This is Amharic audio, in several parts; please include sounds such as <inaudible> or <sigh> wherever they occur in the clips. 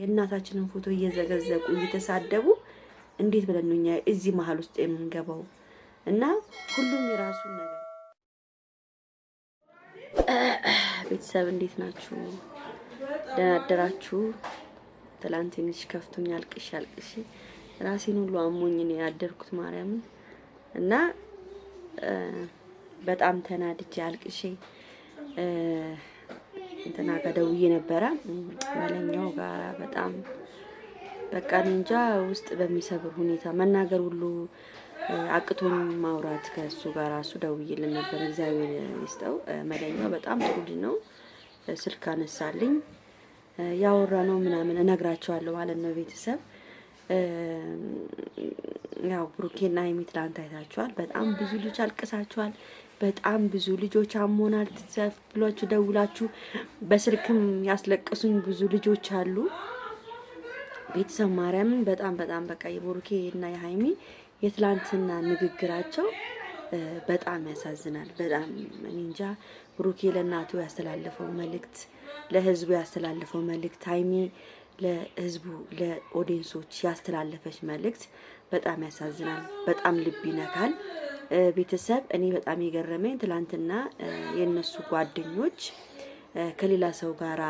የእናታችንን ፎቶ እየዘገዘቁ እየተሳደቡ እንዴት ብለን ነው እኛ እዚህ መሀል ውስጥ የምንገባው? እና ሁሉም የራሱን ነገር ቤተሰብ እንዴት ናችሁ? ደህና አደራችሁ? ትላንት ትንሽ ከፍቶኝ አልቅሽ አልቅሽ ራሴን ሁሉ አሞኝ ነው ያደርኩት ማርያምን እና በጣም ተናድጄ አልቅሼ እንትና ጋር ደውዬ ነበረ መለኛው ጋር በጣም በቃ እንጃ ውስጥ በሚሰብር ሁኔታ መናገር ሁሉ አቅቶኝ ማውራት ከእሱ ጋር እሱ ደውዬልን ነበር። እግዚአብሔር ይስጠው። መለኛው በጣም ጥሩ ልጅ ነው። ስልክ አነሳልኝ ያወራ ነው ምናምን እነግራቸዋለሁ ማለት ነው ቤተሰብ ያው ብሩኬና ሀይሚ ትላንት አይታችኋል። በጣም ብዙ ልጅ አልቅሳችኋል። በጣም ብዙ ልጆች አሞናል ብሏችሁ ደውላችሁ፣ በስልክም ያስለቀሱኝ ብዙ ልጆች አሉ። ቤተሰብ ማርያምን በጣም በጣም በቃ የብሩኬ እና የሀይሚ የትላንትና ንግግራቸው በጣም ያሳዝናል። በጣም እንጃ ብሩኬ ለእናቱ ያስተላለፈው መልእክት፣ ለህዝቡ ያስተላለፈው መልእክት ሀይሜ ለህዝቡ ለኦዲየንሶች ያስተላለፈች መልእክት በጣም ያሳዝናል፣ በጣም ልብ ይነካል። ቤተሰብ እኔ በጣም የገረመኝ ትላንትና የእነሱ ጓደኞች ከሌላ ሰው ጋራ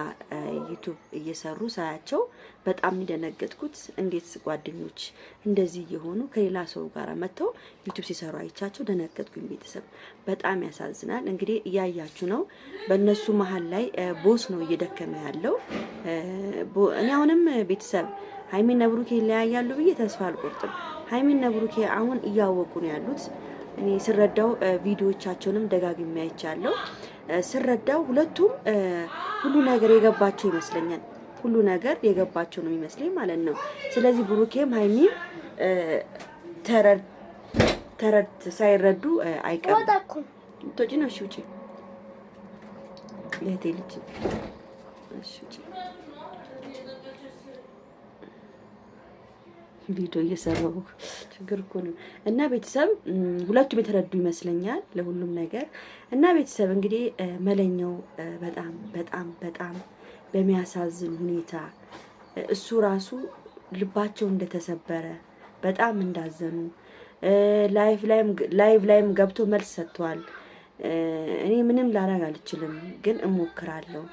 ዩቱብ እየሰሩ ሳያቸው በጣም እንደነገጥኩት። እንዴት ጓደኞች እንደዚህ እየሆኑ ከሌላ ሰው ጋር መጥተው ዩቱብ ሲሰሩ አይቻቸው ደነገጥኩኝ። ቤተሰብ በጣም ያሳዝናል። እንግዲህ እያያችሁ ነው። በእነሱ መሀል ላይ ቦስ ነው እየደከመ ያለው። እኔ አሁንም ቤተሰብ ሀይሚን ነብሩኬ ይለያያሉ ብዬ ተስፋ አልቆርጥም። ሀይሚን ነብሩኬ አሁን እያወቁ ነው ያሉት። እኔ ስረዳው ቪዲዮዎቻቸውንም ደጋግሜ አይቻለሁ። ስረዳው ሁለቱም ሁሉ ነገር የገባቸው ይመስለኛል። ሁሉ ነገር የገባቸው ነው የሚመስለኝ ማለት ነው። ስለዚህ ብሩኬም ሀይሚም ተረድ ሳይረዱ አይቀርም። ቶጭ ነው እሺ፣ ውጪ የቴ ልጅ እሺ፣ ቪዲዮ እየሰራው ችግር እኮ ነው። እና ቤተሰብ ሁለቱም የተረዱ ይመስለኛል ለሁሉም ነገር እና ቤተሰብ እንግዲህ መለኛው በጣም በጣም በጣም በሚያሳዝን ሁኔታ እሱ ራሱ ልባቸው እንደተሰበረ በጣም እንዳዘኑ ላይቭ ላይም ገብቶ መልስ ሰጥተዋል። እኔ ምንም ላረግ አልችልም፣ ግን እሞክራለሁ።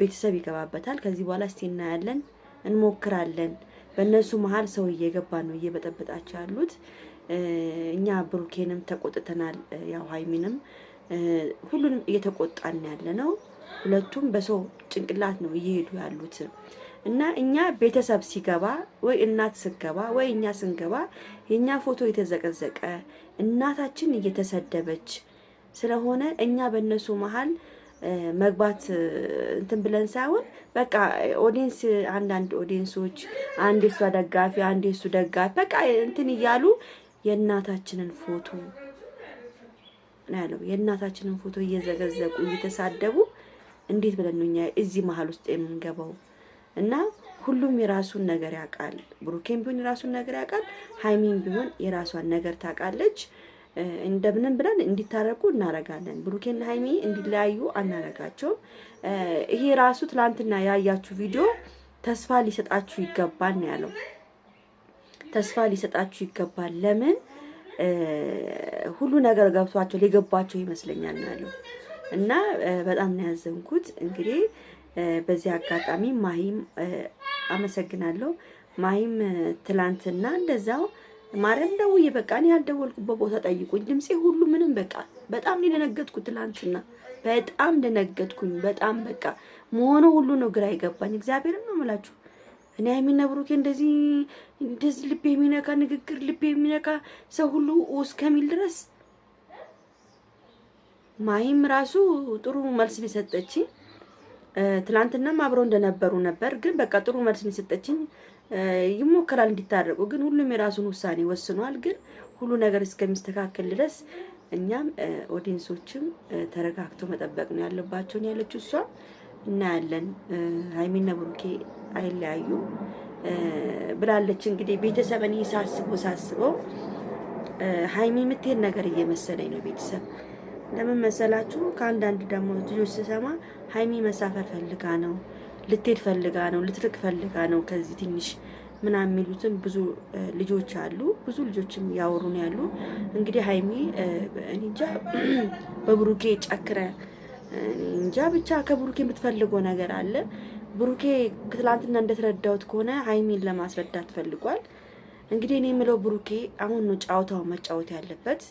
ቤተሰብ ይገባበታል። ከዚህ በኋላ እስቲ እናያለን፣ እንሞክራለን በእነሱ መሀል ሰው እየገባ ነው እየበጠበጣቸው ያሉት። እኛ ብሩኬንም ተቆጥተናል፣ ያው ሀይሚንም ሁሉንም እየተቆጣን ያለ ነው። ሁለቱም በሰው ጭንቅላት ነው እየሄዱ ያሉት እና እኛ ቤተሰብ ሲገባ ወይ እናት ስገባ ወይ እኛ ስንገባ የእኛ ፎቶ የተዘቀዘቀ እናታችን እየተሰደበች ስለሆነ እኛ በእነሱ መሀል መግባት እንትን ብለን ሳይሆን በቃ ኦዲንስ አንዳንድ ኦዲንሶች አንድ የሷ ደጋፊ አንድ የሱ ደጋፊ በቃ እንትን እያሉ የእናታችንን ፎቶ ያለው የእናታችንን ፎቶ እየዘገዘቁ እየተሳደቡ እንዴት ብለን ነው እኛ እዚህ መሀል ውስጥ የምንገባው? እና ሁሉም የራሱን ነገር ያውቃል። ብሩኬም ቢሆን የራሱን ነገር ያውቃል። ሀይሚም ቢሆን የራሷን ነገር ታውቃለች። እንደምንም ብለን እንዲታረቁ እናረጋለን። ብሩኬና ሀይሚ እንዲለያዩ አናረጋቸው። ይሄ ራሱ ትላንትና ያያችሁ ቪዲዮ ተስፋ ሊሰጣችሁ ይገባል ነው ያለው። ተስፋ ሊሰጣችሁ ይገባል። ለምን ሁሉ ነገር ገብቷቸው ሊገባቸው ይመስለኛል ነው ያለው እና በጣም ነው ያዘንኩት። እንግዲህ በዚህ አጋጣሚ ማሂም አመሰግናለሁ። ማሂም ትላንትና እንደዛው ማርያም ደውዬ በቃ እኔ ያልደወልኩበት ቦታ ጠይቁኝ። ድምፄ ሁሉ ምንም በቃ በጣም ደነገጥኩ ትላንትና በጣም ደነገጥኩኝ። በጣም በቃ መሆነ ሁሉ ነው ግራ ይገባኝ። እግዚአብሔርን ነው የምላችሁ። እኔ ሃይሚና ብሩኬ እንደዚህ እንደዚህ ልቤ የሚነካ ንግግር ልቤ የሚነካ ሰው ሁሉ እስከሚል ድረስ ማይም ራሱ ጥሩ መልስ ነው ትላንትናም አብረው እንደነበሩ ነበር። ግን በቃ ጥሩ መልስ የሰጠችኝ ይሞከራል እንዲታረቁ። ግን ሁሉም የራሱን ውሳኔ ወስኗል። ግን ሁሉ ነገር እስከሚስተካከል ድረስ እኛም ኦዲንሶችም ተረጋግቶ መጠበቅ ነው ያለባቸውን ያለችው እሷ እናያለን። ሀይሚና ብሩኬ አይለያዩ ብላለች። እንግዲህ ቤተሰብን እኔ ሳስበው ሳስበው ሀይሚ የምትሄድ ነገር እየመሰለኝ ነው ቤተሰብ ለምን መሰላችሁ? ከአንዳንድ ደግሞ ልጆች ስሰማ ሀይሚ መሳፈር ፈልጋ ነው፣ ልትሄድ ፈልጋ ነው፣ ልትርቅ ፈልጋ ነው ከዚህ ትንሽ ምናምን የሚሉትም ብዙ ልጆች አሉ። ብዙ ልጆችም ያወሩ ነው ያሉ። እንግዲህ ሀይሚ እንጃ <clears throat> በብሩኬ ጨክረ እንጃ ብቻ ከብሩኬ የምትፈልገው ነገር አለ። ብሩኬ ትላንትና እንደተረዳሁት ከሆነ ሀይሚን ለማስረዳት ፈልጓል። እንግዲህ እኔ የምለው ብሩኬ አሁን ነው ጨዋታውን መጫወት ያለበት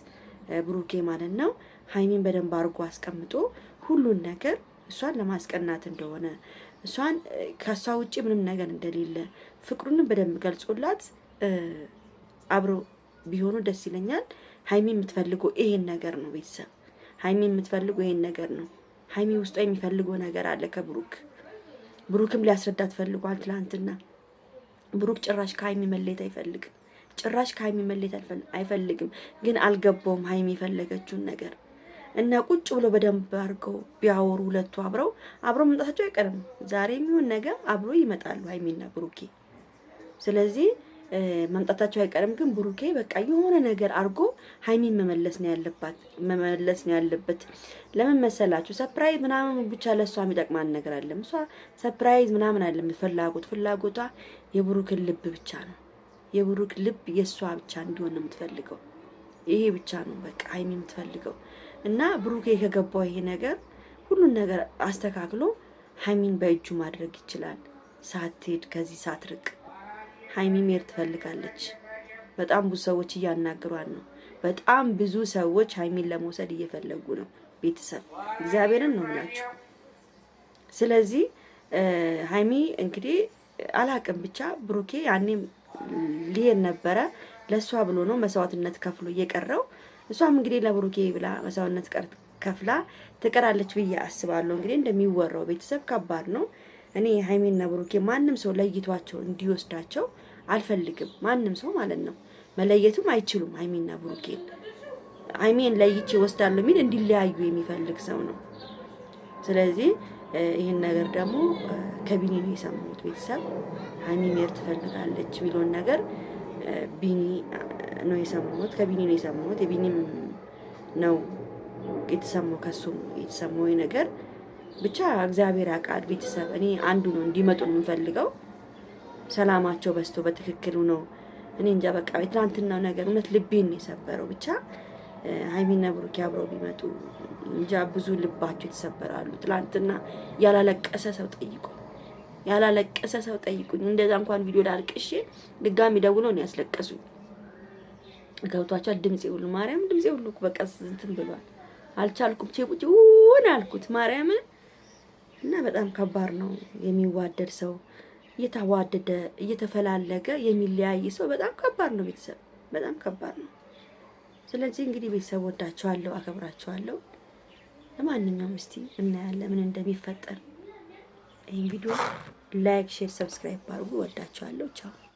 ብሩኬ ማለት ነው። ሀይሚን በደንብ አድርጎ አስቀምጦ ሁሉን ነገር እሷን ለማስቀናት እንደሆነ እሷን ከእሷ ውጭ ምንም ነገር እንደሌለ ፍቅሩንም በደንብ ገልጾላት አብሮ ቢሆኑ ደስ ይለኛል። ሀይሚ የምትፈልገው ይሄን ነገር ነው። ቤተሰብ ሀይሚ የምትፈልገው ይሄን ነገር ነው። ሀይሚ ውስጧ የሚፈልገው ነገር አለ ከብሩክ። ብሩክም ሊያስረዳት ፈልጓል ትላንትና። ብሩክ ጭራሽ ከሀይሚ መለየት አይፈልግም። ጭራሽ ከሀይሚ መለየት አይፈልግም። ግን አልገባውም ሀይሚ የፈለገችውን ነገር እና ቁጭ ብሎ በደንብ አድርገው ቢያወሩ ሁለቱ አብረው አብረው መምጣታቸው አይቀርም። ዛሬ የሚሆን ነገ አብሮ ይመጣሉ ሀይሚና ብሩኬ። ስለዚህ መምጣታቸው አይቀርም። ግን ብሩኬ በቃ የሆነ ነገር አድርጎ ሀይሚን መመለስ ነው ያለባት መመለስ ነው ያለበት። ለምን መሰላችሁ? ሰፕራይዝ ምናምን ብቻ ለእሷ የሚጠቅማን ነገር አለም። እሷ ሰፕራይዝ ምናምን አለም ፍላጎት ፍላጎቷ የብሩክን ልብ ብቻ ነው። የብሩክ ልብ የእሷ ብቻ እንዲሆን ነው የምትፈልገው። ይሄ ብቻ ነው በቃ ሀይሚ የምትፈልገው። እና ብሩኬ ከገባው ይሄ ነገር ሁሉን ነገር አስተካክሎ ሀይሚን በእጁ ማድረግ ይችላል። ሳትሄድ ከዚህ ሳትርቅ ሀይሚ ሜር ትፈልጋለች። በጣም ብዙ ሰዎች እያናገሯን ነው። በጣም ብዙ ሰዎች ሀይሚን ለመውሰድ እየፈለጉ ነው። ቤተሰብ እግዚአብሔርን ነው ምላችሁ። ስለዚህ ሀይሚ እንግዲህ አላቅም ብቻ ብሩኬ ያኔም ሊሄድ ነበረ ለእሷ ብሎ ነው መስዋዕትነት ከፍሎ እየቀረው እሷም እንግዲህ ለብሩኬ ብላ መስዋዕትነት ቀር ከፍላ ትቀራለች ብዬ አስባለሁ። እንግዲህ እንደሚወራው ቤተሰብ ከባድ ነው። እኔ ሀይሜና ብሩኬ ማንም ሰው ለይቷቸው እንዲወስዳቸው አልፈልግም። ማንም ሰው ማለት ነው መለየቱም አይችሉም። ሀይሜና ብሩኬን ሀይሜን ለይቼ ወስዳለሁ የሚል እንዲለያዩ የሚፈልግ ሰው ነው። ስለዚህ ይህን ነገር ደግሞ ከቢኒ ነው የሰማሁት። ቤተሰብ ሀይሚ ሜር ትፈልጋለች የሚለውን ነገር ቢኒ ነው የሰማሁት። ከቢኒ ነው የሰማሁት። የቢኒም ነው የተሰማው ከሱም የተሰማው ነገር ብቻ እግዚአብሔር ያውቃል። ቤተሰብ እኔ አንዱ ነው እንዲመጡ የምንፈልገው ሰላማቸው በስቶ በትክክሉ ነው። እኔ እንጃ በቃ የትናንትናው ነገር እውነት ልቤን የሰበረው። ብቻ ሀይሚና ብሩኬ አብረው ቢመጡ እንጃ ብዙ ልባቸው የተሰበራሉ። ትላንትና ያላለቀሰ ሰው ጠይቁ ያላለቀሰ ሰው ጠይቁኝ። እንደዛ እንኳን ቪዲዮ ላልቅሼ ድጋሚ ደውሎ ነው ያስለቀሱኝ። ገብቷቸዋል። ድምፄ ሁሉ ማርያም ድምፄ ሁሉ በቃ እንትን ብሏል። አልቻልኩም። ቼቁጭ ውን አልኩት ማርያም እና በጣም ከባድ ነው። የሚዋደድ ሰው እየተዋደደ እየተፈላለገ የሚለያይ ሰው በጣም ከባድ ነው። ቤተሰብ በጣም ከባድ ነው። ስለዚህ እንግዲህ ቤተሰብ ወዳቸዋለሁ፣ አከብራቸዋለሁ። ለማንኛውም እስቲ እናያለን ምን እንደሚፈጠር። ይህን ቪዲዮ ላይክ፣ ሼር፣ ሰብስክራይብ አድርጉ። ወዳቸዋለሁ። ቻው